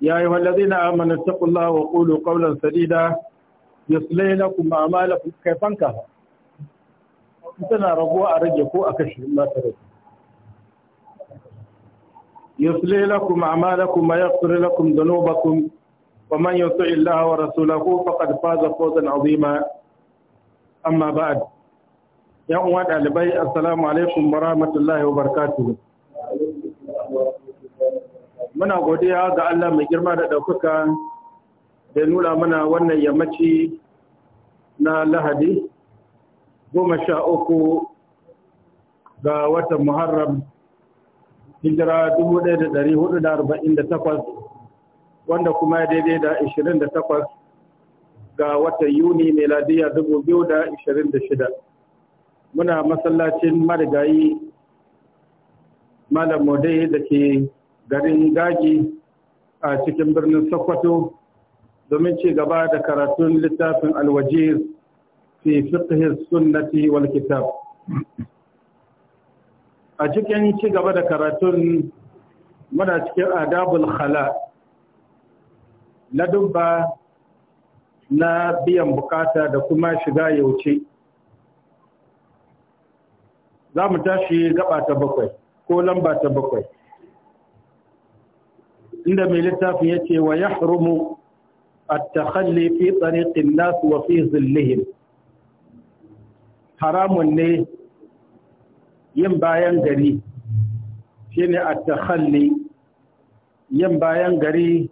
Yaya أيها الذين آمنوا اتقوا الله وقولوا قولا سديدا يصلح لكم أعمالكم كيف tana rabuwa a rage ko a kashe ba ta rage yusli lakum a'malakum wa yaghfir lakum dhunubakum wa man yuti' Allah wa rasulahu faqad faza fawzan 'azima amma ba'd ya uwa dalibai assalamu wa rahmatullahi wa barakatuh muna godiya ga Allah mai girma da ɗaukaka da nuna mana wannan yammaci na lahadi goma sha uku ga watan muharram hijira dubu ɗaya da da da arba'in takwas, wanda kuma daidai da da takwas, ga watan yuni meladiya shida. muna masallacin marigayi malam modai da ke garin gagi a cikin birnin sokoto domin ci gaba da karatun littafin alwajir fi fiqhi sunnati wal kitab a cikin ci gaba da karatun muna cikin adabul khala na dubba na biyan bukata da kuma shiga yauce za mu tashi gaba ta bakwai ko lamba ta bakwai inda mai littafin ya ce wa ya harumu a takhalli fi tsariƙin nasu wa fi zillihim haramun ne yin bayan gari shi ne a takhalli yin bayan gari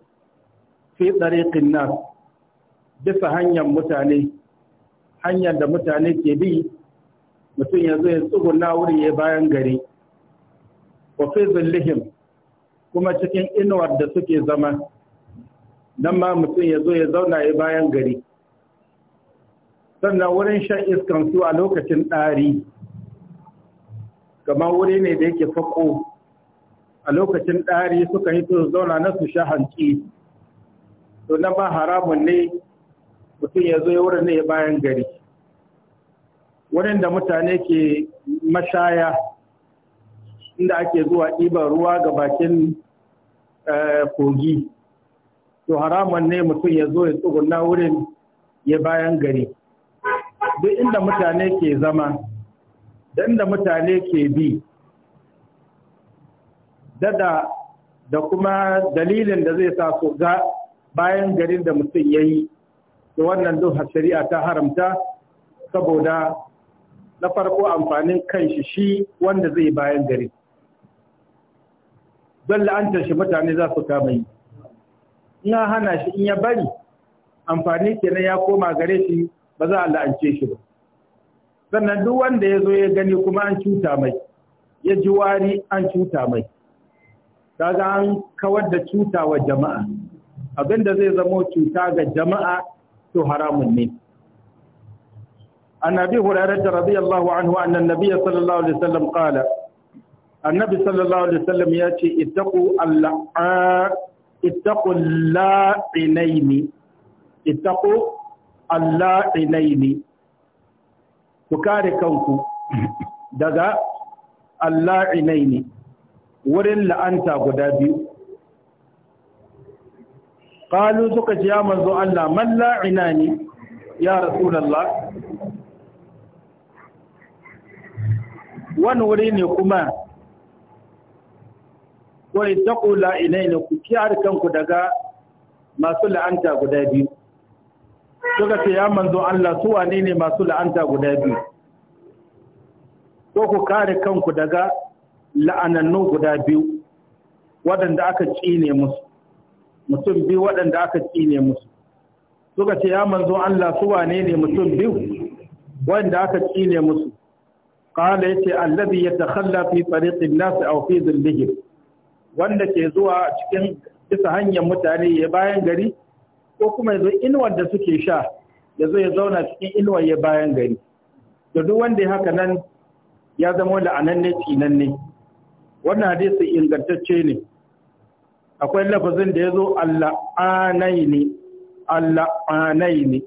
fi tsariƙin nasu bisa hanyar mutane hanyar da mutane ke bi mutum ya zo ya tsugunna wuri ya bayan gari wa fi zillihim kuma cikin inuwar da suke zama nan ma mutum ya zo ya zauna ya bayan gari sannan wurin shan iskan su a lokacin ɗari kamar wuri ne da yake fako a lokacin ɗari suka hito zauna na su sha hanci to nan ba haramun ne mutum ya zo ya wurin ne ya bayan gari wurin da mutane ke mashaya inda ake zuwa ɗiban ruwa ga bakin eh, kogi to haramun ne mutum ya zo ya tsugunna wurin ya bayan gari duk inda mutane ke zama da inda mutane ke bi dada da kuma dalilin da zai sa su ga bayan garin da mutum ya yi da wannan duk shari'a ta haramta saboda na farko amfanin kan shi shi wanda zai bayan gari don la'antar shi mutane za su kama yi Ina hana shi in ya bari amfani kenan ya koma gare shi ba za a la'ance shi ba sannan duk wanda ya zo ya gani kuma an cuta mai ya ji wari an cuta mai kaga an kawar da cuta wa jama'a abinda zai zamo cuta ga jama'a to haramun ne an abi hurairah radiyallahu anhu anna nabiyya sallallahu alaihi wasallam qala annabi sallallahu alaihi wasallam ya ce ittaqu alla'a ittaqu la'inaini ittaqu alla'inaini ku kare kanku daga alla'inaini wurin la'anta guda biyu qalu suka ce ya manzo Allah man la'inani ya rasulullah wani wuri ne kuma kula ittaqu la'inaina ku kiyar kanku daga masu la'anta guda biyu suka ce ya manzo Allah su wane ne masu la'anta guda biyu ko ku kare kanku daga la'anannu guda biyu waɗanda aka cine musu mutum biyu waɗanda aka cine musu suka ce ya manzo Allah su wane ne mutum biyu waɗanda aka cine musu ce Allabi ya yatakhalla fi tariqin nas aw fi dhillihim wanda ke zuwa cikin bisa hanyar mutane ya bayan gari ko kuma yanzu inuwar da suke sha ya zo ya zauna cikin inuwar ya bayan gari da duk wanda ya haka nan ya zama la'ananne ne wannan hadisi ingantacce ne akwai lafazin da ya zo alla'anai ne alla'anai ne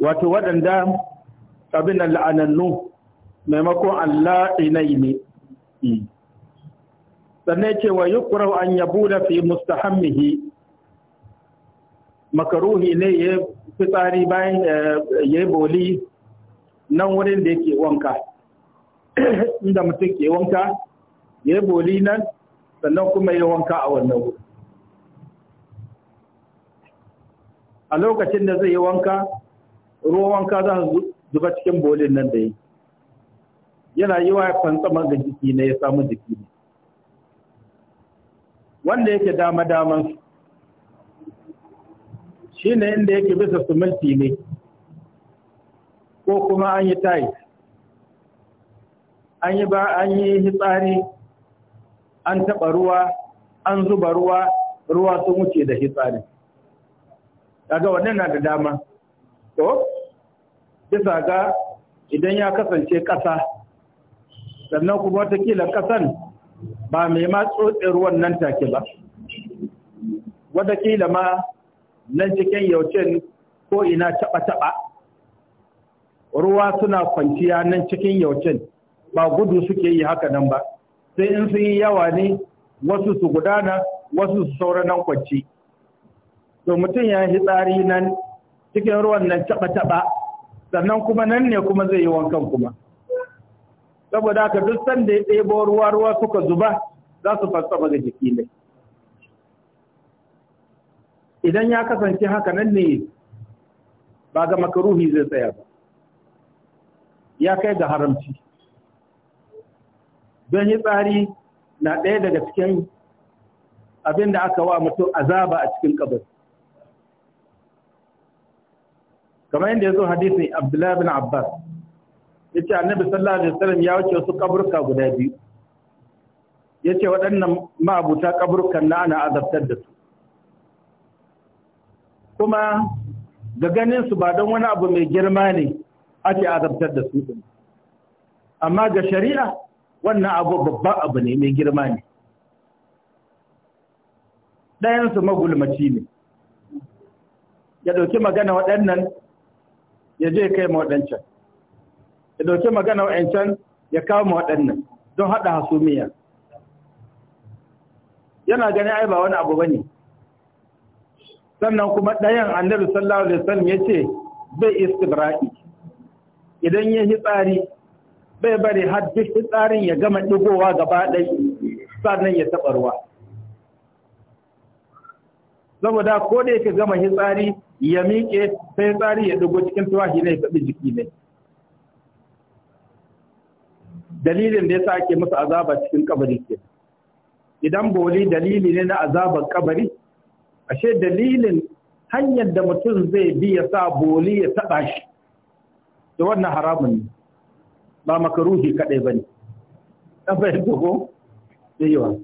wato waɗanda abin la'anannu maimakon Allah inai ne sannan ce wa ƙura an yabu da fi mustahammihi makaruhi ne ya fitsari bayan eh, ya yi boli nan wurin da yake wanka inda mutum ke wanka ya boli nan sannan kuma ya wanka a wannan wuri a lokacin da zai yi wanka ruwan wanka za su zuba cikin bolin nan da yi yana yi wa fantsama ga jiki ne ya samu jiki ne wanda yake dama daman shi ne inda yake bisa sumulti ne ko kuma an yi tayi an yi ba an yi hitsari an taɓa ruwa an zuba ruwa ruwa sun wuce da hitsari daga wannan na da dama to bisa ga idan ya kasance ƙasa sannan kuma watakila kasan ba mai ma ruwan nan take ba watakila ma nan cikin yaucin ko ina taba-taba ruwa suna kwanciya nan cikin yaucin ba gudu suke yi haka nan ba sai in sun yi yawa ne wasu su gudana wasu su saura nan kwanci to mutum ya yi tsari nan cikin ruwan nan taba-taba sannan kuma nan ne kuma zai yi wankan kuma saboda haka duk sanda ya ɗebo ruwa ruwa suka zuba za su fassama ga jiki ne idan ya kasance haka nan ne ba ga makaruhi zai tsaya ba ya kai ga haramci don yi tsari na ɗaya daga cikin abin da aka wa mutum azaba a cikin kabar kamar yadda ya zo hadisin abdullahi bin abbas yace annabi sallallahu alaihi wasallam ya wuce su kaburka guda biyu yace waɗannan ma'abuta kaburkan na ana azabtar da su kuma ga ganin su ba don wani abu mai girma ne ake azabtar da su din amma ga shari'a wannan abu babban abu ne mai girma ne ɗayansu su magulmaci ne ya ɗauki magana waɗannan ya je kai ma waɗancan ya dauke magana wa'ancan ya kawo mu waɗannan don haɗa hasumiya yana ganin ai ba wani abu ba ne sannan kuma ɗayan annabi sallallahu alaihi wasallam ya ce bai istibra'i idan ya hitsari bai bari har duk hitsarin ya gama ɗigowa gaba ɗai sannan ya taɓa ruwa saboda ko da yake gama hitsari ya miƙe sai tsari ya ɗigo cikin shi ne ya taɓi jiki ne dalilin da yasa ake musu azaba cikin kabari ke idan boli dalili ne na azabar kabari ashe dalilin hanyar da mutum zai bi ya sa boli ya taɓa shi da wannan haramun ne ba makaruhi kaɗai ba ne ɗan dogo da yawa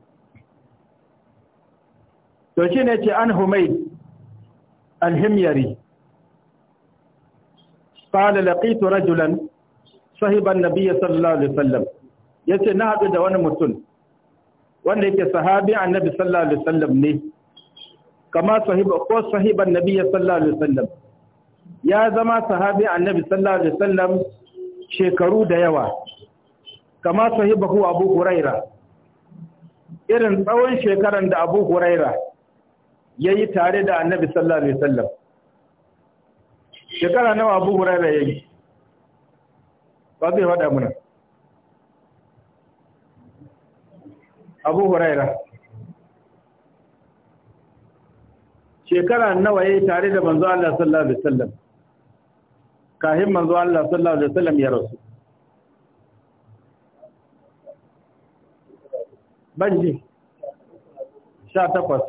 to shi ne ce an humai alhimyari قال لقيت رجلا sahiban nabiyya sallallahu alaihi wasallam yace na haɗu da wani mutum wanda yake sahabi annabi sallallahu alaihi wasallam ne kama sahiba ko sahiban nabiyya sallallahu alaihi wasallam ya zama sahabi annabi sallallahu alaihi wasallam shekaru da yawa kama sahiba ko abu huraira irin tsawon shekaran da abu huraira ya yi tare da annabi sallallahu alaihi wasallam shekara nawa abu huraira yayi ba zai faɗa muna abu huraira shekara nawa yayi tare da manzo Allah sallallahu alaihi wasallam kahin manzo Allah sallallahu alaihi wasallam ya rasu banji takwas,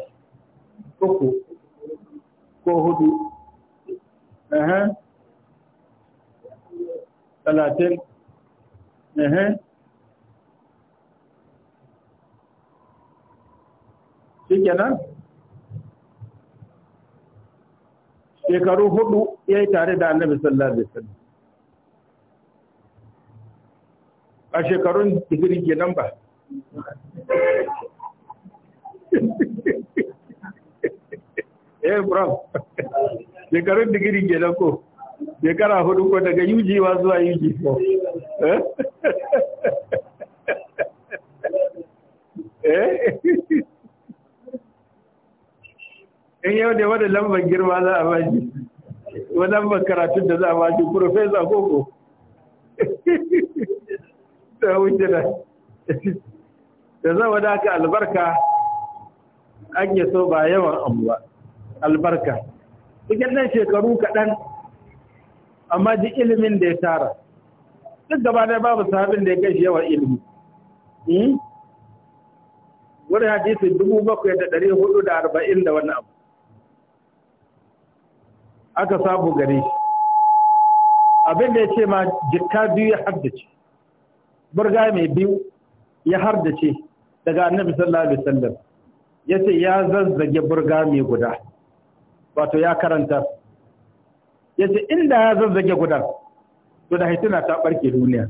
uku ko hudu eh talatin ehe shi shekaru hudu ya yi tare da annabi sallallahu alaihi wasallam a shekarun digiri kenan ba eh, shekarun digiri kenan ko shekara hudu ko daga yujiwa zuwa yuji eh? Eh? in yau da wadda lambar girma za a baji wadda lambar karatu da za a baji profesa koko da wuce da da za da aka albarka an yi so ba yawan ba albarka cikin nan shekaru kaɗan amma ji ilimin da ya tara duk gaba da babu sahabin da ya gaji yawan ilimi hmm? wurin hadisi dubu bakwai da dari hudu da arba'in da wani abu aka sabu gari, abinda abin da ya ce ma jikka biyu ya haddace burga mai biyu ya haddace daga annabi sallallahu alaihi wasallam ya ce ya zazzage burga mai guda wato ya karanta ya ce inda ya zazzage gudan to da haituna ta barke duniya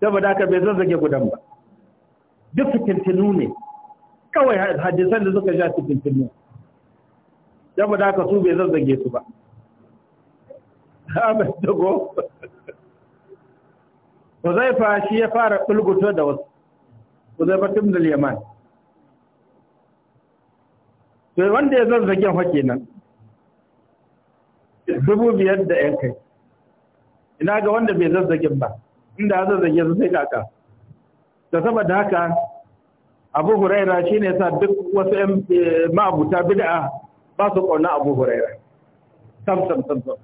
saboda haka bai zazzage gudan ba duk fitintinu ne kawai hadisan da suka sha fitintinu saboda haka su bai zazzage su ba Ahmed Dogo fa shi ya fara bulguto da wasu Huzaifa tun da Yaman to wanda ya zazzage hake nan dubu biyar da yan kai ina ga wanda bai zazzagin ba inda zazzagin su sai kaka da saboda haka abu huraira shi ne sa duk wasu yan eh, ma'abuta bida’a ba su ƙauna abu huraira sam sam sam sam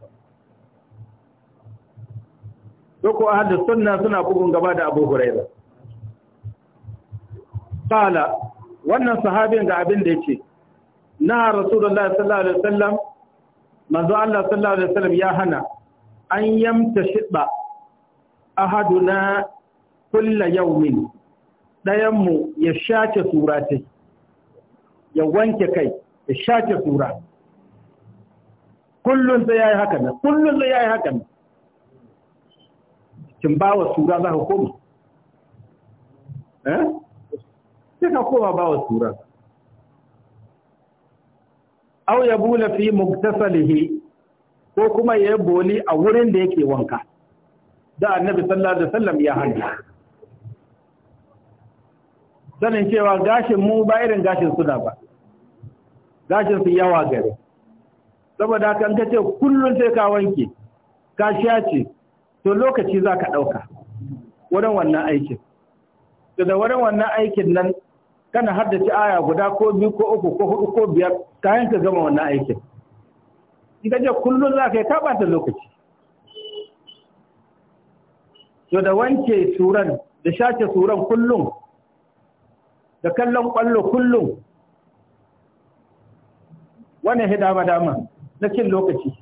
doko a sunna suna bugun gaba da abu huraira Sala wannan sahabin ga abin da yake na Rasulullah sallallahu alaihi wasallam manzo Allah sallallahu alaihi wasallam ya hana an yamta shiba ahaduna kulla yawmin dayan mu ya shace sura ta ya wanke kai ya shace sura kullun sai yayi haka ne kullun sai yayi haka ne kin bawa sura za ka koma eh sai ka koma bawa sura aw ya bula fi muktasalihi ko kuma ya boli a wurin da yake wanka da annabi sallallahu alaihi wasallam ya hanya sanin cewa gashin mu ba irin gashin suna ba gashin su yawa gare saboda haka an kace kullun sai ka wanke ka ce to lokaci zaka dauka wurin wannan aikin da wurin wannan aikin nan kana haddace aya guda ko biyu ko uku ko hudu ko biyar kayan ka gama wannan aikin in ka je kullum za ka yi ta lokaci to da wanke suran da shace suran kullum da kallon kwallo kullum wannan ya dama dama na cin lokaci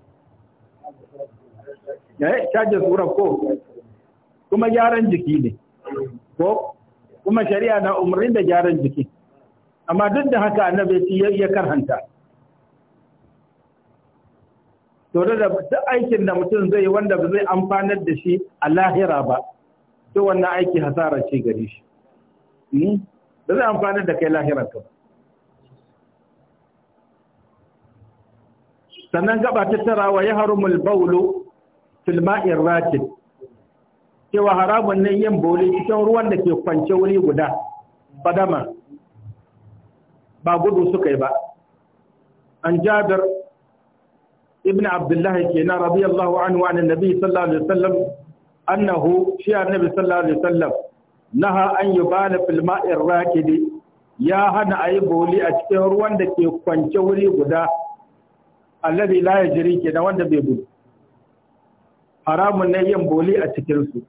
ya eh, yi shaje suran ko kuma gyaran jiki ne ko kuma shari'a na umarni da gyaran jiki amma duk da haka annabi ya ya karhanta to da duk aikin da mutum zai wanda ba zai amfanar da shi a lahira ba to wannan aiki hasara ce gare shi hmm? ba zai amfanar da kai lahirar ka ba sannan gaba ta tara wa ya harumul baulu fil ma'ir ratin cewa haramun ne yin boli cikin ruwan da ke kwance wuri guda Fadama. ba gudu suka yi ba an jabir ibn abdullah kenan radiyallahu anhu an annabi sallallahu alaihi wasallam annahu shi annabi sallallahu alaihi wasallam naha an yubala fil ma'ir rakidi ya hana ayi boli a cikin ruwan da ke kwance wuri guda alladhi la yajri kenan wanda bai gudu haramun ne yin boli a cikinsu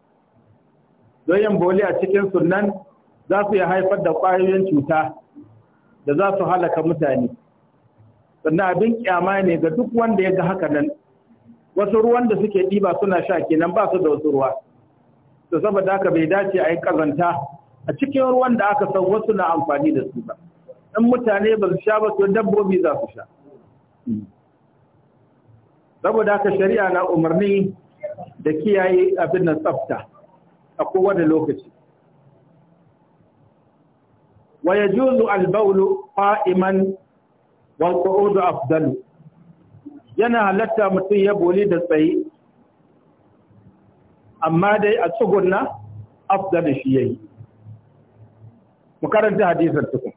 don yin boli a cikin sunan za su iya haifar da ƙwayoyin cuta da za su halaka mutane sannan abin kyama ne ga duk wanda ya ga haka nan wasu ruwan da suke ɗiba suna sha kenan ba su da wasu ruwa to saboda haka bai dace a yi ƙazanta a cikin ruwan da aka san wasu na amfani da su ba in mutane ba su sha ba su dabbobi za su sha saboda haka shari'a na umarni da kiyaye abin nan tsafta a kowane lokaci wa yajuzu al-bawlu qa'iman wal qu'udu afdalu yana halatta mutum ya boli da tsaye amma dai a tsugunna afdalu shi yayi mu karanta hadisin tukun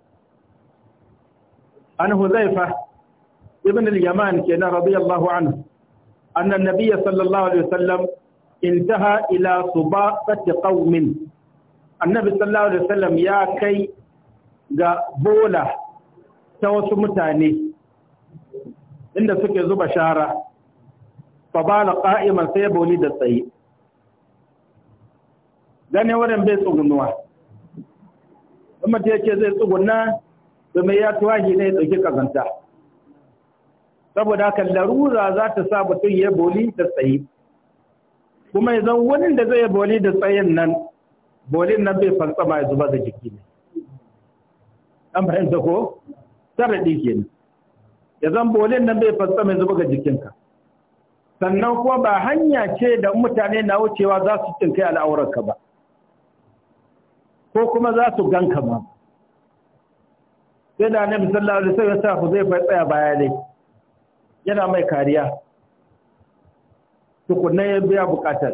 an huzaifa ibn al-yaman kenan rabi anhu anna an-nabiy sallallahu alaihi wasallam intaha ila subaqati qaumin annabi sallallahu alaihi wasallam ya kai ga bola ta wasu mutane inda suke zuba shara fa bala qa'iman sai boli da tsaye gane wurin bai tsugunuwa kuma ya ce zai tsuguna domin ya tuwahi ne ya ɗauki kazanta saboda haka larura za sa mutum ya boli da tsaye kuma ya zan wani da zai boli da tsayin nan bolin nan bai fantsama ya zuba da jiki ne an fahimta ko sharaɗi kenan ya zan bolin nan bai fantsama ya zuba ga jikinka sannan kuma ba hanya ce da mutane na wucewa za su kai al'aurarka ba ko kuma za su ganka ma sai da ne misalla da sai ya sa ku zai fa tsaya baya ne yana mai kariya tukunna ya biya bukatar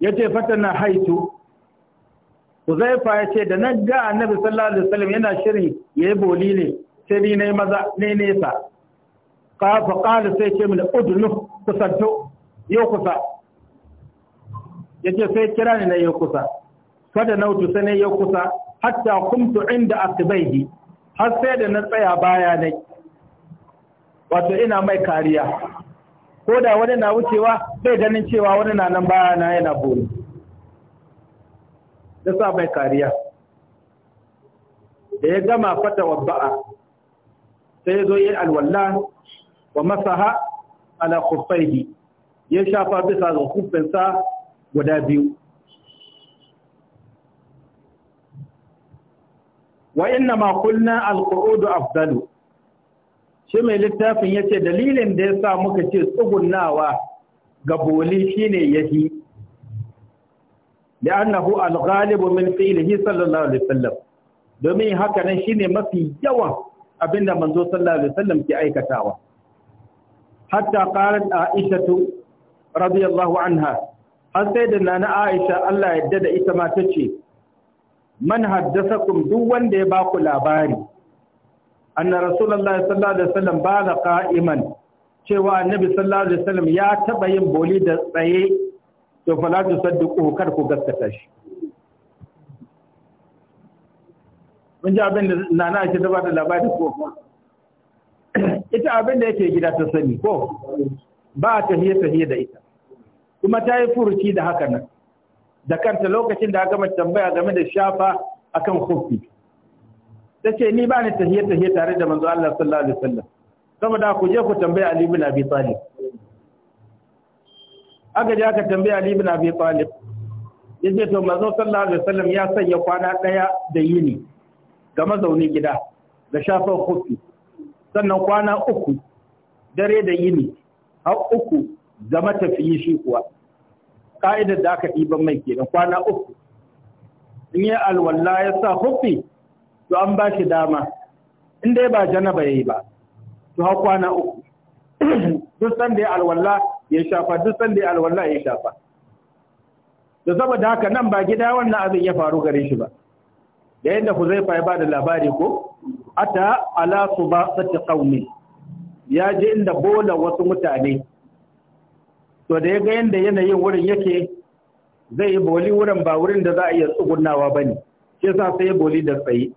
ya ce na haitu Huzaifa ya ce da na ga annabi sallallahu alaihi wasallam yana shirin yi boli ne sai ni maza ne nesa Kafa kala sai ce min udnu kusanto yau kusa Ya ce sai kira ni na yau kusa na nautu sai na yau kusa hatta kumtu inda asbaihi har sai da na tsaya baya ne wato ina mai kariya ko da wani na wucewa bai ganin cewa wani na nan baya na yana buru da sa mai kariya da ya gama fata wa ba'a sai ya zo yi alwallah wa masaha ala kufaihi ya shafa bisa ga kufinsa guda biyu wa inna ma kulna alqu'udu afdalu shi mai littafin ya ce dalilin da ya sa muka ce tsugunawa ga boli shine yahi li'annahu al-ghalibu min qilihi sallallahu alaihi wasallam domin haka nan shine mafi yawan abinda manzo sallallahu alaihi wasallam ke aikatawa hatta qalat aisha radiyallahu anha har sai da nana aisha Allah ya yarda da ita ma tace man haddathakum duk wanda ya baku labari anna rasulullahi sallallahu alaihi wasallam bala cewa annabi sallallahu ya taba yin boli da tsaye to fala tusaddiqu kar ku gaskata shi mun ji abin da nana ake da bada labari ko ita abin da yake gida ta sani ko ba ta hiye ta da ita kuma ta yi furuci da haka da kanta lokacin da aka gama tambaya game da shafa akan kofi ta ce ni ba ni tahiyya tahiyya tare da manzo Allah sallallahu alaihi wasallam saboda ku je ku tambaye Ali ibn Abi Talib aka je aka tambaye Ali ibn Abi Talib yace to manzo sallallahu alaihi wasallam ya sanya kwana daya da yini ga mazaunin gida da shafan kofi sannan kwana uku dare da yini har uku zama matafiyi shi kuwa ka'idar da aka ɗiban mai kenan kwana uku in yi alwala ya sa kofi to an ba shi dama inda dai ba janaba yayi ba to har kwana uku duk sanda ya alwala ya shafa duk sanda ya alwala ya shafa da saboda haka nan ba gida wannan abin ya faru gare shi ba da yadda fa'i ba da labari ko ata ala sati qaumi ya je inda bola wasu mutane to da ya ga yanda yanayin wurin yake zai yi boli wurin ba wurin da za a iya tsugunnawa bane shi yasa sai boli da tsaye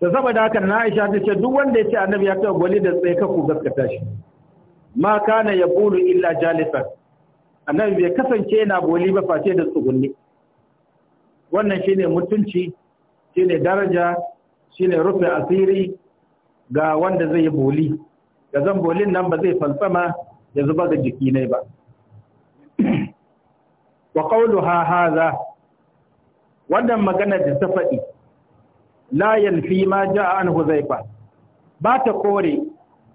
da saboda haka na Aisha ta ce duk wanda ya ce annabi ya kai gwali da tsaye ka ku gaskata shi ma kana ya bulu illa jalisa annabi bai kasance yana boli ba face da tsugunni wannan shine mutunci shine daraja shine rufe asiri ga wanda zai boli ga zan bolin nan ba zai falsama ya zuba ga jiki ne ba wa qawluha hadha wannan magana da ta faɗi la yanfi ma ja'a an huzaifa ba ta kore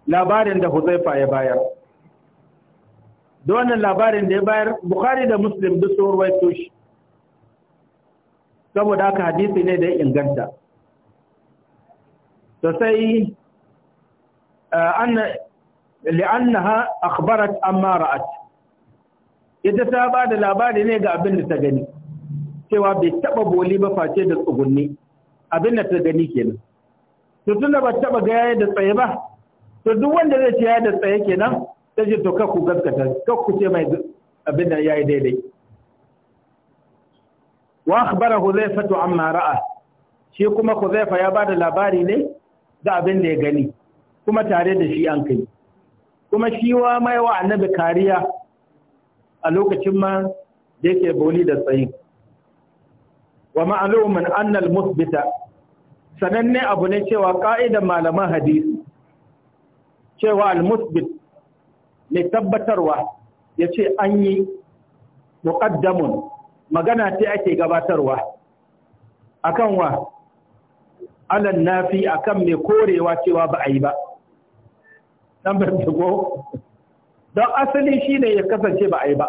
labarin da huzaifa ya bayar don wannan labarin da ya bayar bukhari da muslim duk sun ruwaito shi saboda haka hadisi ne da ya inganta to sai eh, anna ha akhbarat amma ra'at ita ta ba da labari ne ga abin da ta gani cewa bai taba boli ba face da tsugunni abin da ta gani kenan to tunda ba taba ga yayi da tsaye ba to duk wanda zai ce yayi da tsaye kenan sai ji to ku gaskata ku ce mai abin da yayi daidai wa akhbara to amma ra'a shi kuma huzaifa ya bada labari ne da abin da ya gani kuma tare da shi an kai kuma shi wa mai wa annabi kariya a lokacin ma da yake boli da tsayin wa ma'alumin annal musbita sananne abu ne cewa ƙa'idan malaman hadisi cewa al-musbit mai tabbatarwa ya ce an yi muƙaddamun magana ce ake gabatarwa akan wa alan nafi akan mai korewa cewa ba a yi ba nan ko don asali shine ya kasance ba a yi ba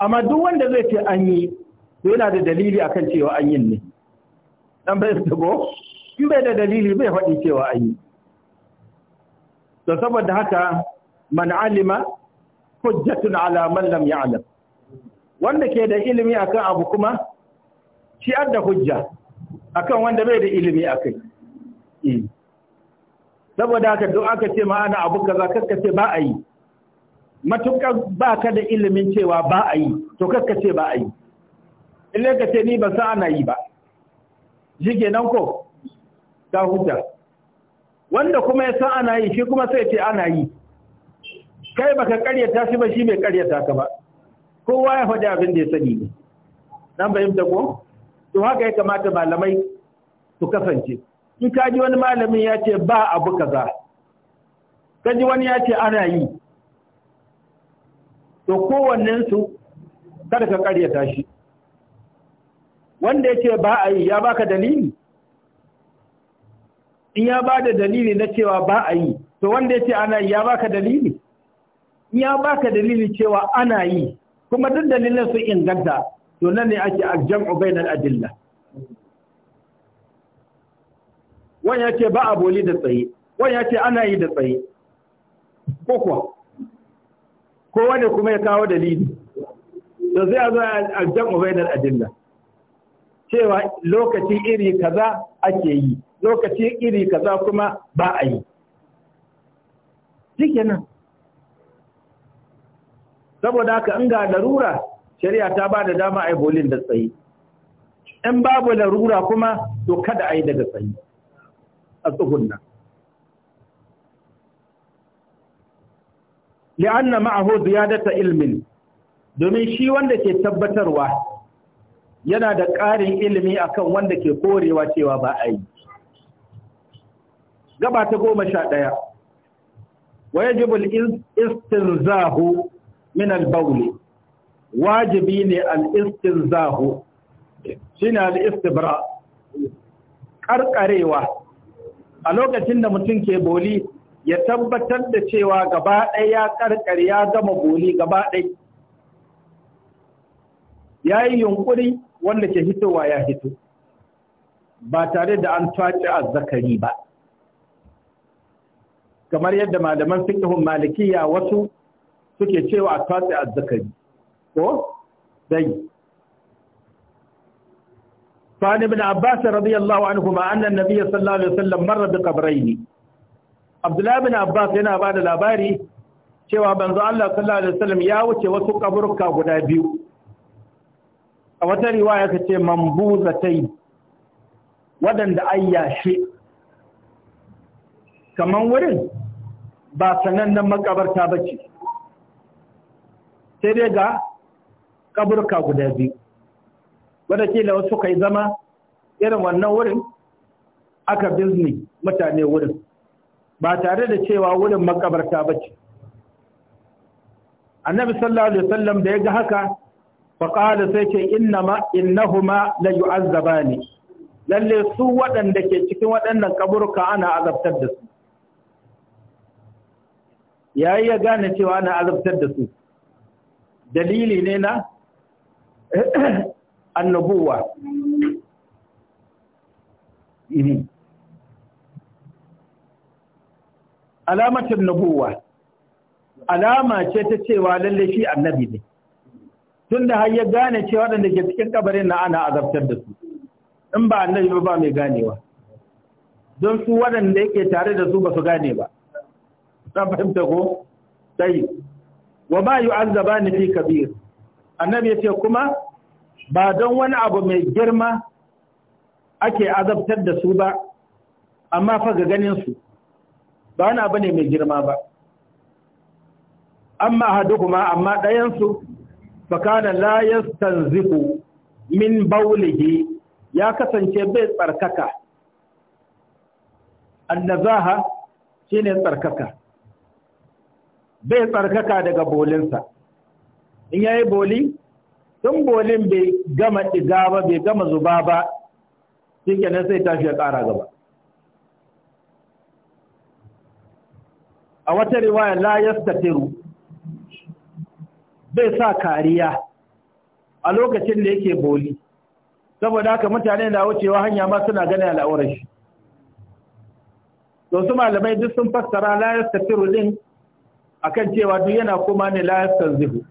amma duk wanda zai ce an yi to yana da dalili akan cewa an yin ne dan bai tabo in bai da dalili bai faɗi cewa an yi to saboda haka man alima hujjatun ala man lam ya'lam wanda ke da ilimi akan abu kuma shi adda hujja akan wanda bai da ilimi akai e. saboda haka duk aka ce ma'ana abu kaza ce ba a yi matukar ba ka da ilimin cewa ba a yi to ce ba a yi in ka ce ni ba sa ana yi ba shi kenan ko ta huta wanda kuma ya san ana yi shi kuma sai ce ana yi kai baka karyata shi ba shi bai karyata ka ba kowa ya faɗi abin da ya sani ne nan fahimta ko to haka ya kamata malamai su kasance in ka ji wani malamin ya ce ba abu kaza ka ji wani ya ce ana yi to kowannensu kada ka karyata shi wanda yake ba a yi ya baka dalili in ya ba da dalili na cewa ba a yi to wanda yake ana yi ya baka dalili in ya baka dalili cewa ana yi kuma duk dalilan sun inganta to nan ne ake aljam'u bainal adilla wani ya ce ba a boli da tsaye wani ya ce ana yi da tsaye ko kuwa ko kuma ya kawo dalili da zai zo aljam'u bainal adilla cewa lokaci iri kaza ake yi lokaci iri kaza kuma ba a yi nan. saboda haka in ga larura shari'a ta ba da dama a yi da tsayi in babu larura kuma to kada a yi daga tsayi a tsugunna li'anna ma'ahu ziyadata ilmin domin shi wanda ke tabbatarwa yana da ƙarin ilimi akan wanda ke korewa cewa ba a yi gaba ta goma sha ɗaya wa istin zahu, min al'baule, wajibi ne al Shi shine al-istibra Ƙarƙarewa. a lokacin da mutum ke boli ya tabbatar da cewa gaba ɗaya ya karkare ya gama boli gaba ɗaya ya yi yunkuri wanda ke hitowa ya hito ba tare da an tace azzakari ba kamar yadda malaman fiqhun malikiya wasu suke cewa a tace azzakari ko dai Fani ابن عباس رضي الله عنهما أن النبي صلى الله عليه وسلم مر بقبرين Abdullahi الله Abbas yana ba da labari cewa banzo Allah sallallahu alaihi wasallam ya wuce wasu kaburuka guda biyu a wata riwaya ka ce mambuzatai waɗanda an yashe kamar wurin ba sanannen makabarta ba ce sai dai ga kaburka guda biyu da wasu kai zama irin wannan wurin aka bizni mutane wurin ba tare da cewa wurin makabarta ba ce annabi sallallahu alaihi wasallam da ya ga haka faƙada sai ce innahuma la yu'azzaba ne lalle su waɗanda ke cikin waɗannan kaburka ana azabtar da su yayi ya gane cewa ana azabtar da su dalili ne na annabuwa mhm. alamatin nabuwa alama ce ta cewa lalle shi annabi ne tun da har ya gane cewa waɗanda ke cikin kabarin na ana azabtar da su in ba annabi ba mai ganewa don su waɗanda yake tare da su ba su gane ba ta fahimta ko sai wa ba yu'azzaba ni fi kabir annabi yace kuma ba don wani abu mai girma ake azabtar da su ba amma fa ga ganin su ba wani abu ne mai girma ba amma kuma amma ɗayan su fakana la yastanzifu min baulihi ya kasance bai tsarkaka annazaha shine tsarkaka bai tsarkaka daga bolinsa in yayi boli tun bolin bai gama diga ba bai gama zuba ba shikenan sai tashi ya ƙara gaba a wata riwaya la yastatiru zai sa kariya a lokacin da yake boli saboda haka mutane na wucewa hanya ma suna gane al'aurar shi to su malamai duk sun fassara la yastatiru din akan cewa duk yana kuma ne la yastanzihu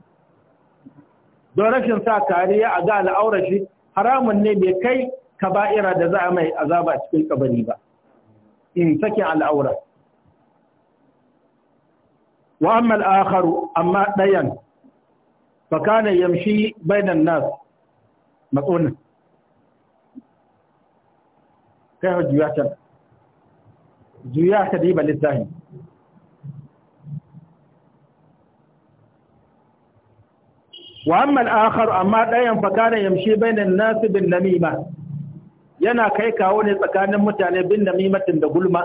don rashin sa kariya a ga al'aurar shi haramun ne bai kai kaba'ira da za a mai azaba cikin kabari ba in sakin al'aura wa amma al'akharu amma dayan fakana yamshi bainan nas matsonin kai hau juya can juya ta diba lissahi wa amma al'akar amma ɗayan fakana yamshi bainan nas bin namima yana kai kawo ne tsakanin mutane bin namimatin da gulma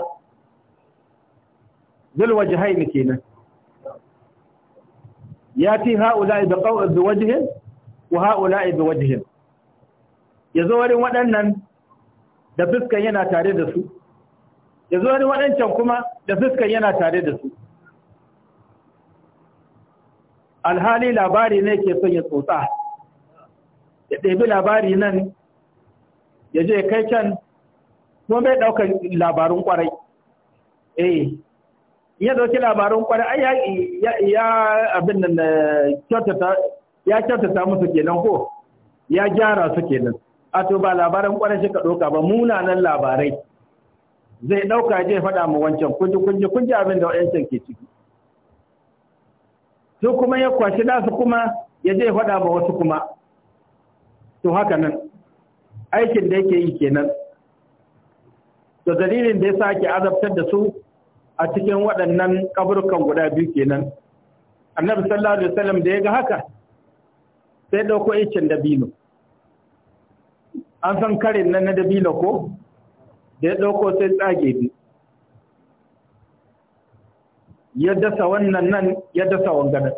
zulwa jihaini kenan yati haula'i bi qawl bi wajhin wa haula'i bi wajhin yazo wurin waɗannan da fuskan yana tare da su yazo wurin waɗancan kuma da fuskan yana tare da su alhali labari ne ke son ya tsotsa ya ɗebi labari nan ya je kai can kuma bai ɗaukar labarin ƙwarai eh ya dauki labarin kwarai ai ya abin nan eh, kyautata ya kyautata musu kenan ko ya gyara su kenan a to ba labarin kwarai shi ka doka ba munanan labarai zai dauka zai faɗa mu wancan kunji kunji kunji abin da wancan ke ciki su kuma ya kwashi nasu kuma ya je faɗa ma wasu kuma to haka nan aikin da yake yi kenan to dalilin da ya sake azabtar da su a cikin waɗannan kaburkan guda biyu kenan annabi sallallahu alaihi wasallam da ya ga haka sai ɗauko icin dabino an san karin nan na dabino ko da ya ɗauko sai tsage bi ya dasa wannan nan ya dasa wanganan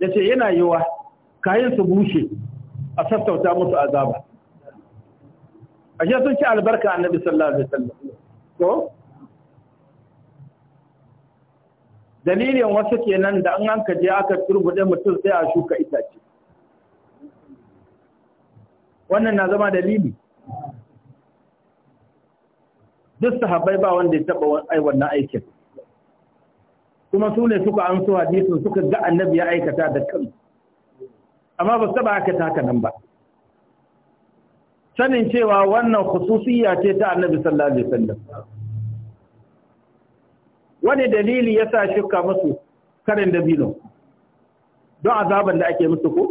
ya ce yana yiwa kayan su bushe a sassauta musu azaba ashe sun ci albarka annabi sallallahu alaihi wasallam ko dalilin wasu kenan da an hanka je aka turbuɗe mutum sai a shuka itace wannan na zama dalili duk sahabbai ba wanda ya taɓa wannan aikin kuma su ne suka an so hadisun suka ga annabi ya aikata da kan amma ba su taɓa aikata haka nan ba sanin cewa wannan khususiyya ce ta annabi sallallahu alaihi wasallam wani dalili ya sa shirka musu karin dabino don azaban da ake musu ko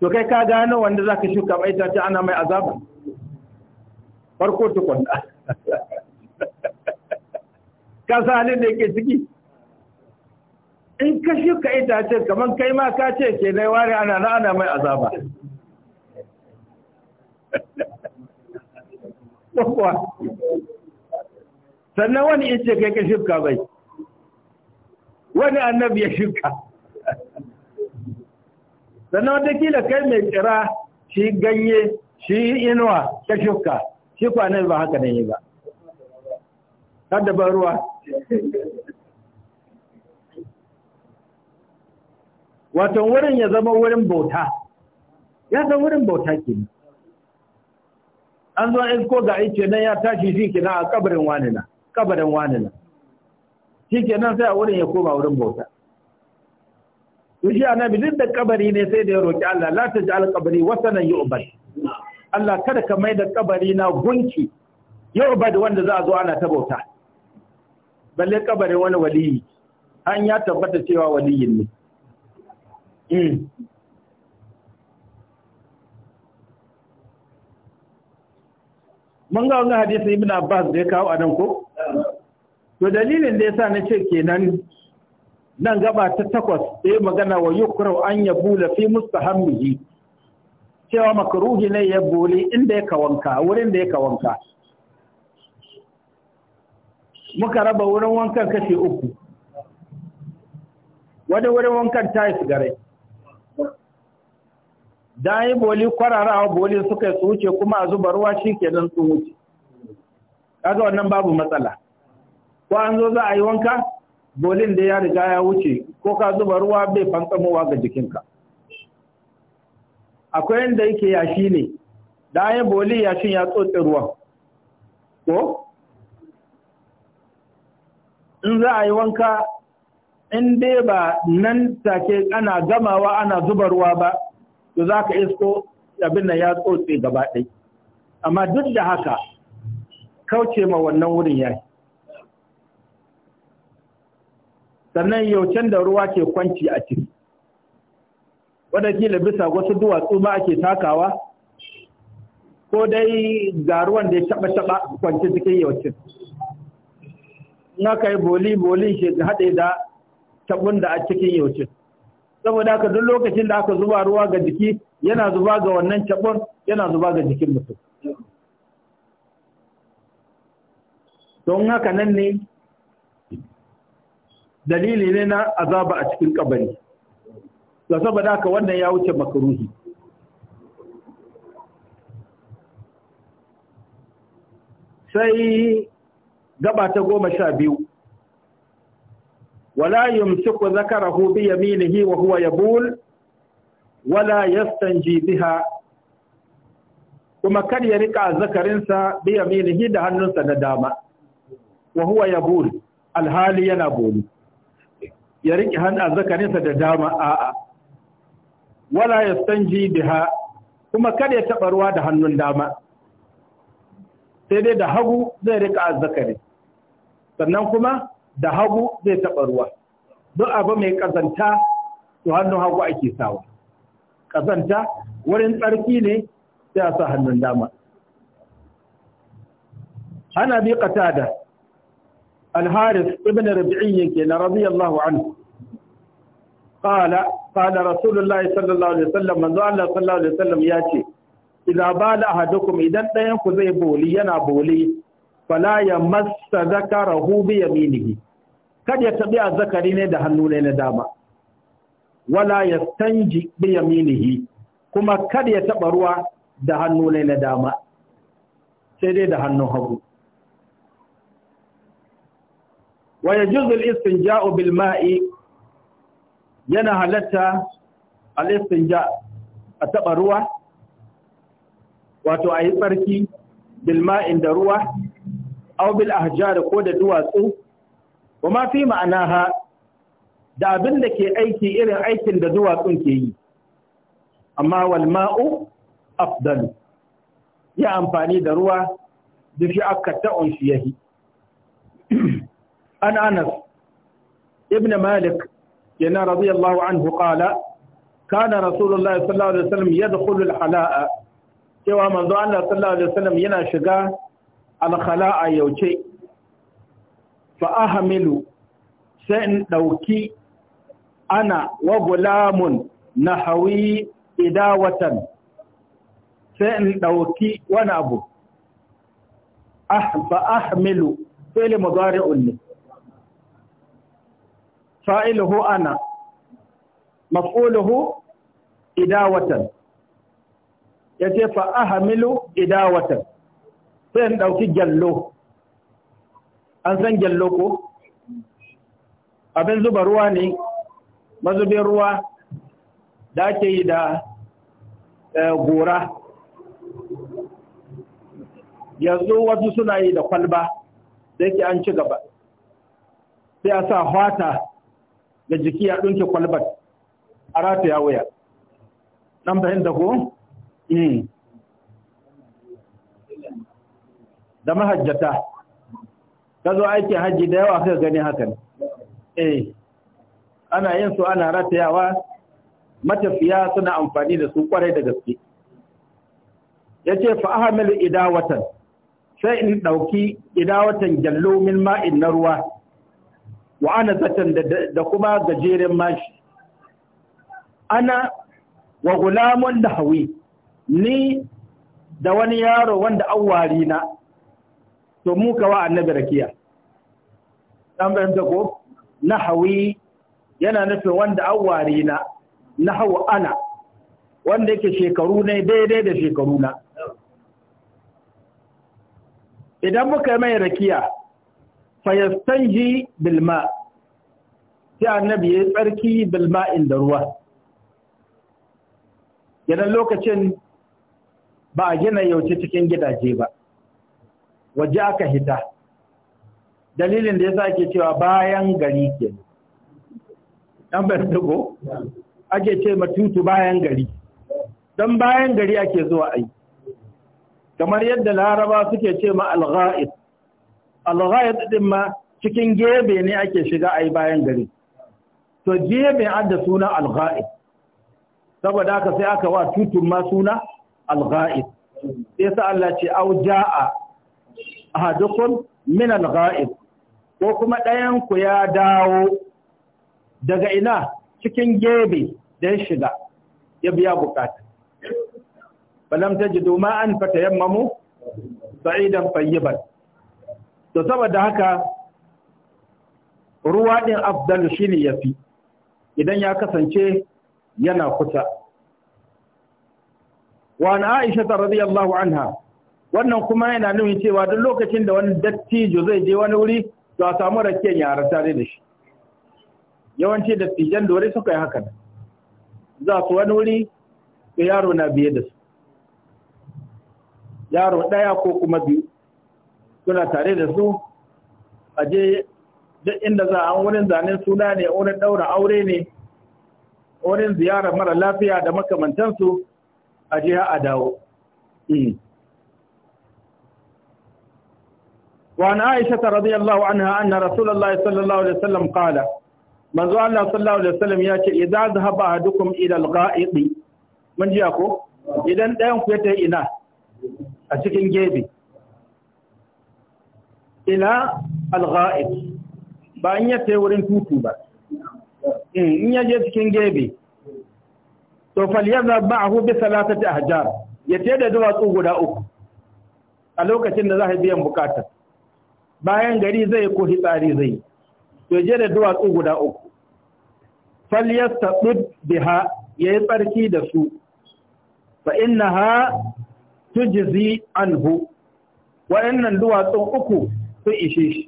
to kai ka gano wanda za ka shirka mai ta ce ana mai azaban farko tukun ka sa halin da yake ciki in ka shirka itace kamar kai ma ka ce ke na ware ana na ana mai azaba sannan wani in ce kai ka shifka bai wani annabi ya shirka sannan kila kai mai tsira shi ganye shi inuwa ka shirka shi kwanan ba haka nan yi ba kada ban ruwa wato wurin ya zama wurin bauta ya zama wurin bauta ke an zo in ko ga aice nan ya tashi shi kina a kabarin wani na kabarin wani nan shi nan sai a wurin ya koma wurin bauta a nabi duk da kabari ne sai da ya roƙi Allah la ta wasa nan yi ubar Allah kada ka mai da kabari na gunki yi yu'bad wanda za a zo ana ta bauta balle kabarin wani waliyi an ya tabbata cewa waliyin ne hmm. mun ga wani hadisi ibn abbas da ya kawo a nan ko to dalilin da yasa na ce kenan nan gaba ta takwas sai magana wa yukrahu an bula fi mustahammihi cewa makruhi ne ya boli inda ya kawanka wurin da ya kawanka muka raba wurin wankan kashi uku wani wurin wankan yi sigarai. da an boli boli kwararawa boli suka yi kuma a zuba ruwa shi kenan sun wuce kaga wannan babu matsala ko an zo za a yi wanka bolin da ya riga ya wuce ko ka zuba ruwa bai fantsamowa ga jikinka akwai yadda yake yashi ne da an boli yashin ya tsotse ruwan ko in za a yi wanka in dai ba nan take ana gamawa ana zuba ruwa ba to za ka isko abin nan ya tsotse gaba ɗai amma duk da haka kauce ma wannan wurin yi. sannan yaucen da ruwa ke kwanci a ciki wadakila bisa wasu duwatsu ma ake takawa ko dai ga ruwan da ya taɓa-taɓa kwanci cikin yaucin Na kai boli-boli shi haɗe da taɓun da a cikin yaucin saboda haka duk lokacin da aka zuba ruwa ga jiki yana zuba ga wannan cabon yana zuba ga jikin mutum don haka nan ne dalili ne na azaba a cikin kabari da saboda haka wannan ya wuce makaruhi sai gaba ta goma sha biyu wala yumsiku zakarahu bi yaminihi wa huwa yabul wala yastanji biha kuma kar ya rika zakarinsa bi yaminihi da hannunsa na dama wa huwa yabul alhali yana boli ya rike hannun zakarinsa da dama a'a wala yastanji biha kuma kar ya taɓa ruwa da hannun dama sai dai da hagu zai rika zakari, sannan kuma da hagu zai taɓa ruwa duk abu mai ƙazanta to hannun hagu ake sawa ƙazanta wurin tsarki ne sai a sa hannun dama ana bi qatada al-haris ibn rabi'i yake na radiyallahu an. Ƙala, qala rasulullahi sallallahu alaihi wasallam manzo Allah sallallahu alaihi wasallam ya ce idza bala ahadukum idan ɗayan ku zai boli yana boli fala yamassa zakarahu bi yaminihi kada ya tabi azzakari ne da hannu ne na dama wala ya yastanji bi yaminihi kuma kada ya taba ruwa da hannu ne na dama sai dai da hannun hagu wa yajuzu al-istinja'u bil ma'i yana halatta al-istinja a taba ruwa wato ayi tsarki bil ma'in da ruwa aw bil ahjar ko da duwatsu wa ma fi ma'anaha da abin da ke aiki irin aikin da duwatsun ke yi amma walma'u ma'u afdalu ya amfani da ruwa da shi aka ta'un shi yahi an anas ibn malik yana radiyallahu anhu qala kana rasulullahi sallallahu alaihi wasallam yadkhulu al-hala'a cewa manzo Allah sallallahu alaihi wasallam yana shiga al-khala'a yauce fa'ahamilu sai in ɗauki ana wa gulamun na hawi idawatan sai in ɗauki wani abu ah, fa'ahamilu fili mazari'un ne fa'iluhu ana maf'uluhu idawatan ya ce fa'ahamilu idawatan sai in ɗauki gyallo an san gyallo ko abin zuba ruwa ne mazubin ruwa da ake yi da eh, gora yanzu wasu suna yi da kwalba da yake an ci gaba sai a sa hwata da jiki ya ɗunke kwalbar a ya wuya nan fahimta ko? Hmm. da mahajjata ka zo aiki hajji da yawa kaga gani hakan eh ana yin su ana ratayawa matafiya suna amfani da su kwarai da gaske yace fa ahmil idawatan sai in dauki idawatan jallo min ma'in na ruwa wa ana zatan da kuma gajeren mashi ana wa gulamun da hawi ni da wani yaro wanda an na to mu kawa annabi rakiya dan fahimta ko nahwi yana nufin wanda awwari na nahwa ana wanda yake shekaru ne daidai da shekaru na idan muka mai rakiya fayastanji bilma sai annabi ya tsarki bilma da ruwa idan lokacin ba a gina yauce cikin gidaje ba waje aka hita dalilin da ya sa ke cewa bayan gari ke ɗan bertigo ake ce matutu bayan gari don bayan gari ake zuwa ai kamar yadda laraba suke ce ma algha'id algha'id din ma cikin gebe ne ake shiga ai bayan gari to gebe da suna algha'id saboda haka sai aka wa tutun ma suna algha'id sai sa Allah ce au jaa ahadukum min al-ghaib ko kuma ɗayan ku ya dawo daga ina cikin gebe da ya shiga ya biya bukata ta ji ma an yammamu, sa'idan tayyiban to saboda haka ruwa din afdal shine yafi idan ya kasance yana kusa wa an aisha radiyallahu anha wannan kuma yana nufin cewa duk lokacin da wani dattijo zai je wani wuri to a samu rakiyar yara tare da shi yawanci dattijan dore suka yi haka za su wani wuri da yaro na biye da su yaro ɗaya ko kuma biyu suna tare da su a je duk inda za a wurin zanen suna ne wurin ɗaura aure ne wurin ziyarar mara lafiya da makamantansu a je a dawo. Hmm. وعن عائشة رضي الله عنها أن رسول الله صلى الله عليه وسلم قال من زوال الله صلى الله عليه وسلم يأتي إذا ذهب أحدكم إلى الغائط من جاكو إذا ya tafi ina a cikin gebe ila al-gha'ib ba in ya tafi wurin tutu ba in ya je cikin to falyazhab ma'ahu bi salatati ahjar ya tafi da duwatsu guda uku a lokacin da za a biyan bukatar bayan gari zai ko hitsari zai to je da duwatsu guda uku falyastaqib biha yayi tsarki da su fa innaha tujzi anhu wa'annan duwatsun uku sun ishe shi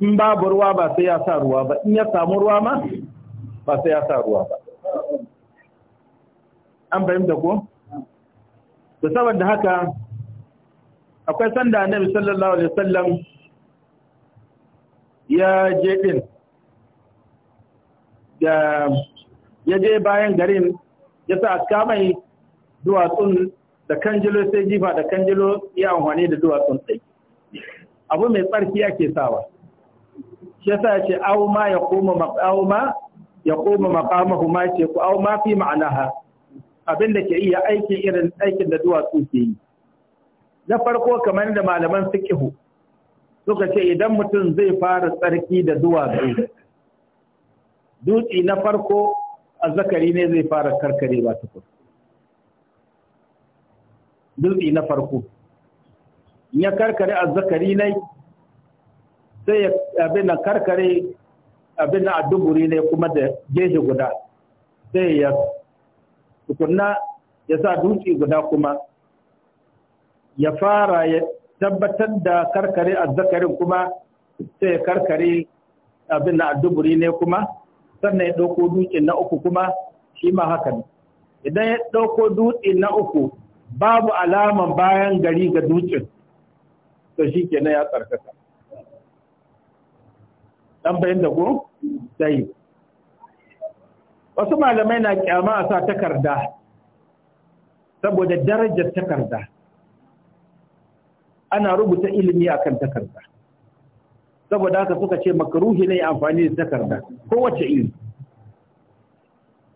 in babu ruwa ba sai ya sa ruwa ba in ya samu ruwa ma ba sai ya sa ruwa ba an fahimta ko? da saboda haka akwai sanda annabi sallallahu alaihi wasallam ya je din da ya je bayan garin ya sa aska mai duwatsun da kanjilo sai jifa da kanjilo ya amfani da duwatsun sai abu mai tsarki ke sawa shi yasa ya ce aw ma koma maqaw ma yaqumu maqamahu ma ce ku aw ma fi ma'anaha abinda ke iya aikin irin aikin da duwatsu ke yi na farko kamar da malaman fiqhu suka ce idan mutum zai fara tsarki da duwatsu dutse na farko zakari ne zai fara ba tukur dutse na farko ya karkare zakari ne sai ya abin karkare abin na adubure ne kuma da gehe guda sai ya tukunna ya sa dutse guda kuma ya fara ya tabbatar da karkare azzakarin kuma sai ya karkare abin na adduburi ne kuma sannan ya ɗauko dutsen na uku kuma shi ma haka ne idan ya ɗauko dutsen na uku babu alaman bayan gari ga dutsen to shi kenan ya tsarkaka ɗan bayan da ko sai wasu malamai na kyama a sa takarda saboda darajar takarda ana rubuta ilimi a kan takarda saboda haka suka ce makaruhi ne amfani da takarda kowace ilimi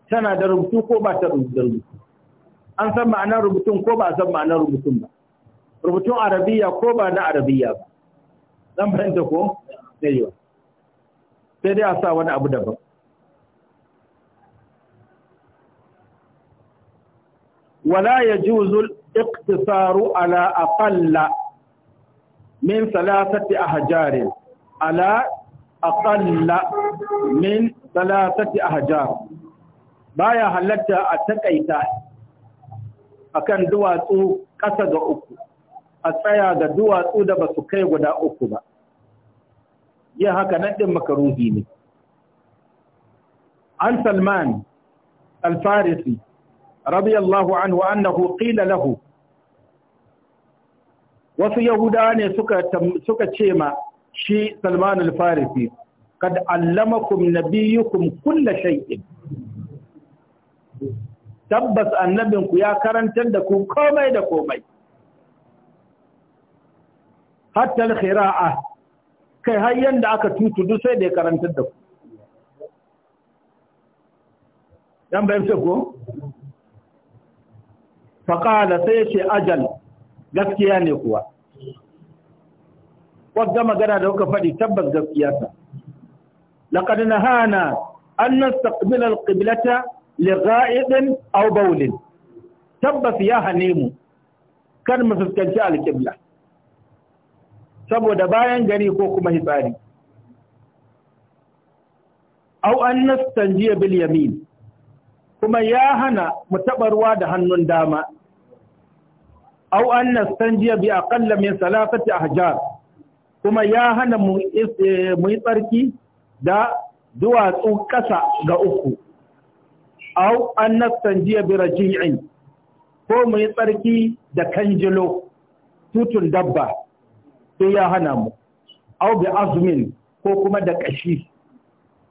tana da rubutu ko ba ta da rubutu an san ma'anar rubutun ko ba a san ma'anar rubutun ba rubutun arabiya ko ba na arabiya ba zan fahimta ko yayiwa sai dai a sa wani abu daban wala yajuzu al-iqtisaru ala aqalla min salasati ahjarin ala aqalla min salasati ahjar baya halatta a takaita kan duwatsu ƙasa ga uku a tsaya ga duwatsu da ba su kai guda uku ba yin haka nan din makaruhi ne an salman Alfarisi, farisi radiyallahu anhu annahu ƙila lahu wasu yahudawa ne suka ce ma shi salman al-farisi kad allamakum nabiyukum kulla shay'in tabbas annabinku ya karantar da ku komai da komai hatta al-khira'a kai har yanda aka tutu duk sai da ya karantar da ku dan bayan sai ko sai ce ajal gaskiya ne kuwa wadda magana da kuka faɗi tabbas gaskiya ta na hana an nan alqiblata li gha'idin tabbas ya hane mu kan mu fuskanci saboda bayan gari ko kuma hitsari Au an nastanjiya bil yamin kuma ya hana mu taɓa ruwa da hannun dama au an a bi aqalla min salasati ahjar kuma ya hana eh, mu yi tsarki da duwatsu ƙasa ga uku au an nastanjiya bi raji'in ko mu yi tsarki da kanjilo tutun dabba sai ya hana mu au bi azmin ko kuma da kashi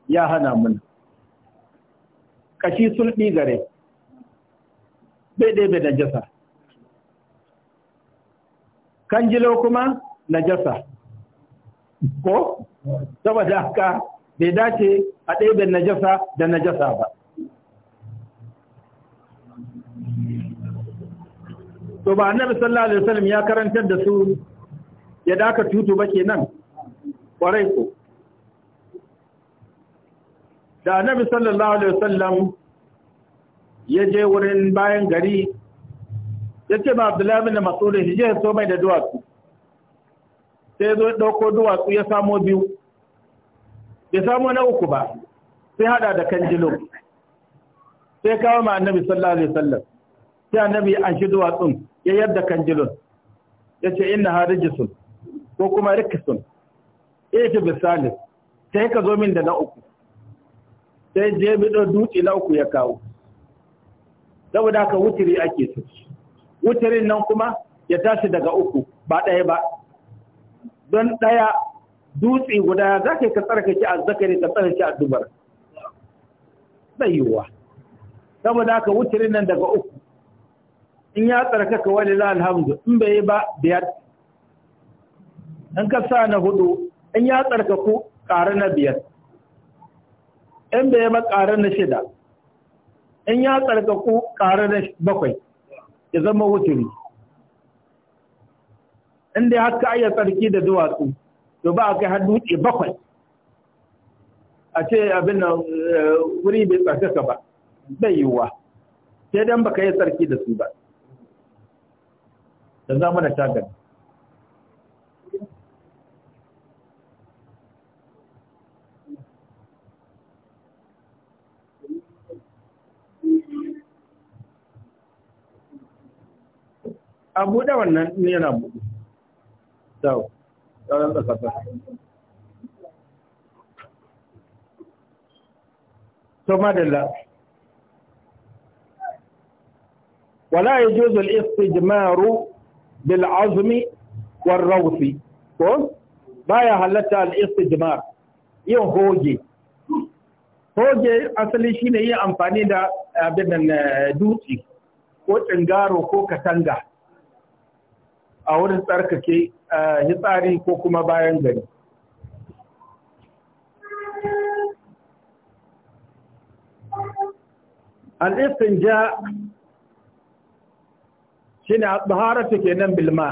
ya hana mu kashi sulɗi gare bai ɗaya bai najasa kanjilo kuma najasa ko saboda haka bai dace a ɗaya najasa da najasa ba to ba annabi sallallahu alaihi wasallam ya karantar da su ya daka tutu ba kenan kwarai ko da annabi sallallahu alaihi wasallam ya je wurin bayan gari ya ce ba abdullahi bin mas'ud hije ya so mai da duwatsu sai zo ɗauko duwatsu ya samo biyu bai samo na uku ba sai hada da jilo sai kawo ma annabi sallallahu alaihi wasallam sai annabi an shi duwatsun ya yadda jilo ya ce ina ha rijisun ko kuma rikisun ya ce bisalis sai ka zo min da na uku sai je bido dutse na uku ya kawo saboda haka wutiri ake su wutarin nan kuma ya tashi daga uku ba ɗaya ba don ɗaya dutse guda za ka yi ka tsarkake a zakari ka tsarkake a dubar tsayuwa saboda haka wutarin nan daga uku in ya tsarkaka wani la alhamdu in bai yi ba biyar in ka sa na hudu in ya tsarkaku ƙara na biyar in bai yi ba ƙara na shida in ya tsarkaku ƙara na bakwai ya zama wuturi inda har ka iya tsarki da duwatsu to ba a kai har dutse bakwai a ce abin nan eh, wuri bai tsarkaka ba bai yiwuwa sai dan baka yi tsarki da su ba da zamana ta a buɗe wannan ne yana buɗe sau ɗauran tsakasa to madalla wala ya juzul istijmaru bil azumi war rawfi ko ya halatta al istijmar yin hoge hoge asali shine yin amfani da abin eh, dutse ko tsingaro ko katanga a wurin tsarkake eh, hitsari ko kuma bayan gari ja shi ne taharatu kenan bilma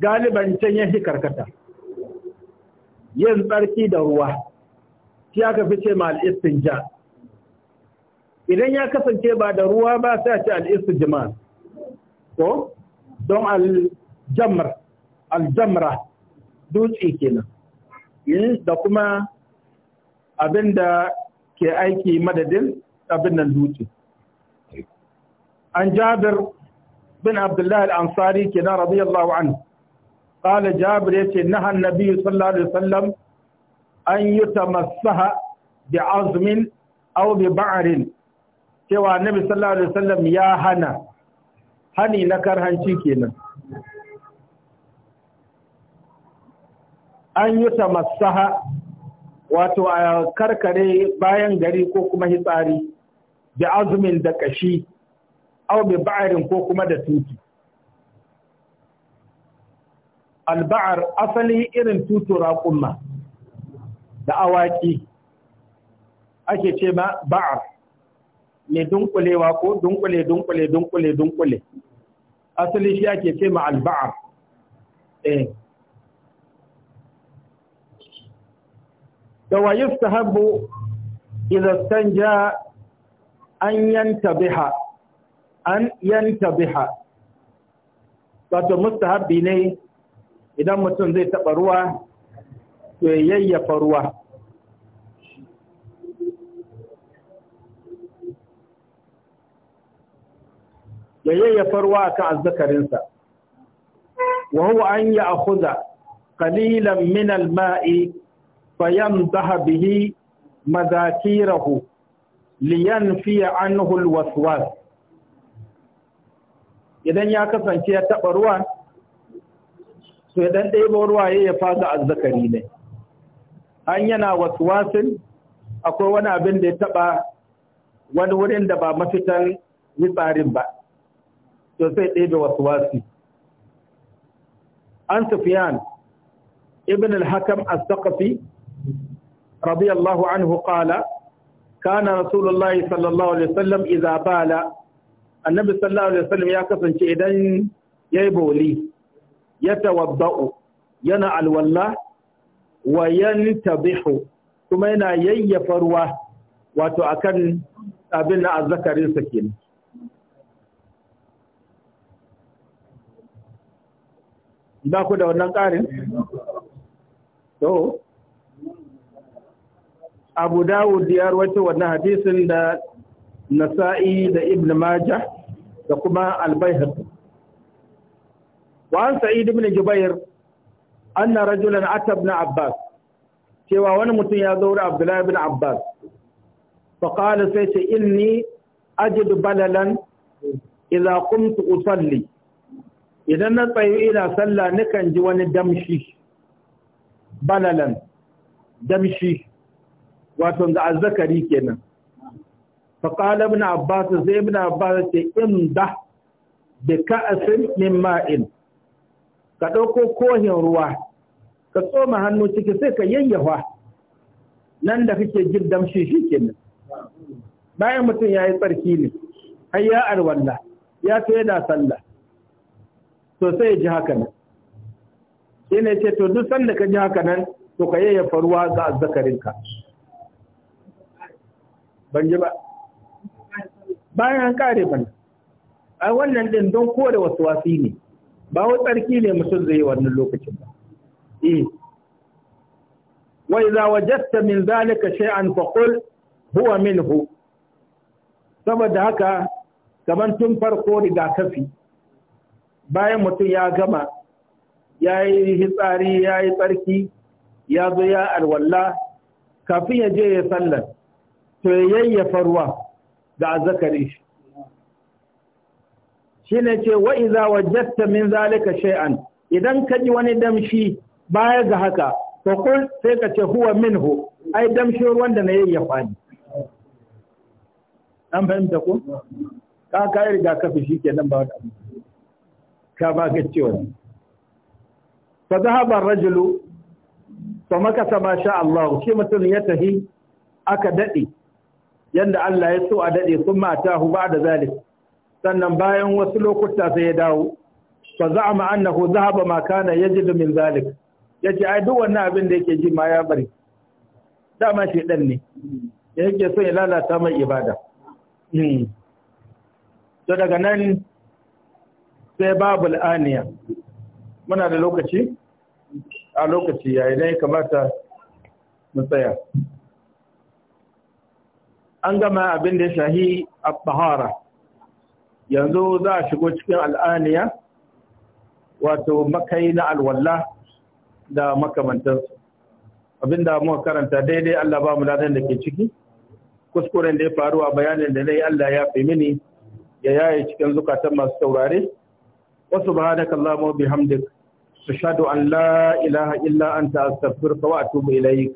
galiban can yanki karkata yin tsarki da ruwa shi aka fi ce ma ja. idan ya kasance ba da ruwa ba sai a ce al'istijima ko don aljamra aljamra dutse kenan eh, da kuma abin da ke aiki madadin abin nan dutse an jabir bin abdullahi al kenan radiyallahu anhu qala jabir yace na nabi sallallahu alaihi wasallam an yutamassaha bi azmin aw bi ba'rin cewa nabi sallallahu alaihi wasallam ya hana hani na karhanci kenan an yi tamassaha wato a karkare bayan gari ko kuma hitsari da azumin da kashi au bi ba'arin ko kuma da tuki alba'ar asali irin tutu raƙumma da awaki ake ce ba'ar mai dunkulewa ko dunkule dunkule dunkule dunkule asali shi ake ce ma alba'a eh da wa yustahabbu idza stanja an yantabiha an yantabiha wato mustahabbi ne idan mutum zai taba ruwa to yayyafa ruwa ya yayyafar ruwa ka azzakarinsa wa huwa an ya'khudha qalilan min al-ma'i fayamdaha bihi madakirahu liyanfiya anhu al-waswas idan ya kasance ya taba ruwa to idan ɗebo ruwa ya fasa azzakari ne an yana waswasin akwai wani abin da ya taba wani wurin da ba mafitan tsarin ba sosai ɗaya da wasu wasi an sufyan ibn al-hakam as-saqafi radiyallahu anhu qala kana rasulullahi sallallahu alaihi wasallam idza bala annabi sallallahu alaihi wasallam ya kasance idan yayi boli ya tawabba'u yana alwalla wa tabihu kuma yana yayyafa ruwa wato akan abin na azzakarin sa kenan ba ku da wannan ƙarin? to abu dawud ya rawaito wannan hadisin da nasa'i da ibn majah da kuma albayhaq wa an sa'id ibn jubair anna rajulan ata ibn abbas cewa wani mutum ya zo da abdullahi ibn abbas fa qala sai ce inni ajidu balalan idza qumtu usalli idan na tsaye ina sallah nukan ji wani damshi balalan damshi wato ga azzakari kenan fa qala ibn abbas sai ibn abbas ce inda bi ka'asin min ma'in ka dauko kohin ruwa ka tsoma hannu ciki sai ka yayyafa nan da kake jin damshi shi kenan bayan mutum yayi tsarki ne ya alwalla ya ta yana sallah to sai ya ji haka nan shi ce to duk sanda ka ji haka nan to ka yaya faruwa ga azzakarinka ban ji ba bayan an kare ban ai wannan din don kore wasu wasi ne ba wa tsarki ne mutum zai yi wannan lokacin ba eh wa idza wajadta min zalika shay'an fa qul huwa minhu saboda haka kaman tun farko rigakafi bayan mutum ya gama ya yi hitsari ya yi tsarki ya zo ya alwalla kafin ya je ya sallar to ya yayyafa ruwa da azzakari shi shine ce wa iza wajjatta min zalika shay'an idan ka ji wani damshi baya ga haka to kun sai ka ce huwa minhu ai damshin ruwan da na yayyafa ne an fahimta ko ka ka riga kafi shikenan ba wani abu ka ba ka ce wani fa zahaba rajulu fa makasa ma sha Allah shi mutum ya tahi aka dade yanda Allah ya so a dade kuma atahu da zalik sannan bayan wasu lokuta sai ya dawo fa za'ama annahu zahaba ma kana yajidu min zalik yace ai duk wannan abin da yake ji ma ya bari dama dan ne yake so ya lalata mai ibada hmm. to daga nan sai babu aniya muna da lokaci a lokaci yayi dai kamata mu tsaya an gama abin da ya shahi a yanzu za a shigo cikin al'aniya wato makai na alwalla da makamantarsu abin da muka karanta daidai Allah ba mu ladan da ke ciki kuskuren da ya faru a bayanin da nayi yi Allah ya fi mini ya yaye cikin zukatan masu taurari. wa subhanaka allahumma bihamdik ashhadu an la ilaha illa anta astaghfiruka wa atubu ilaik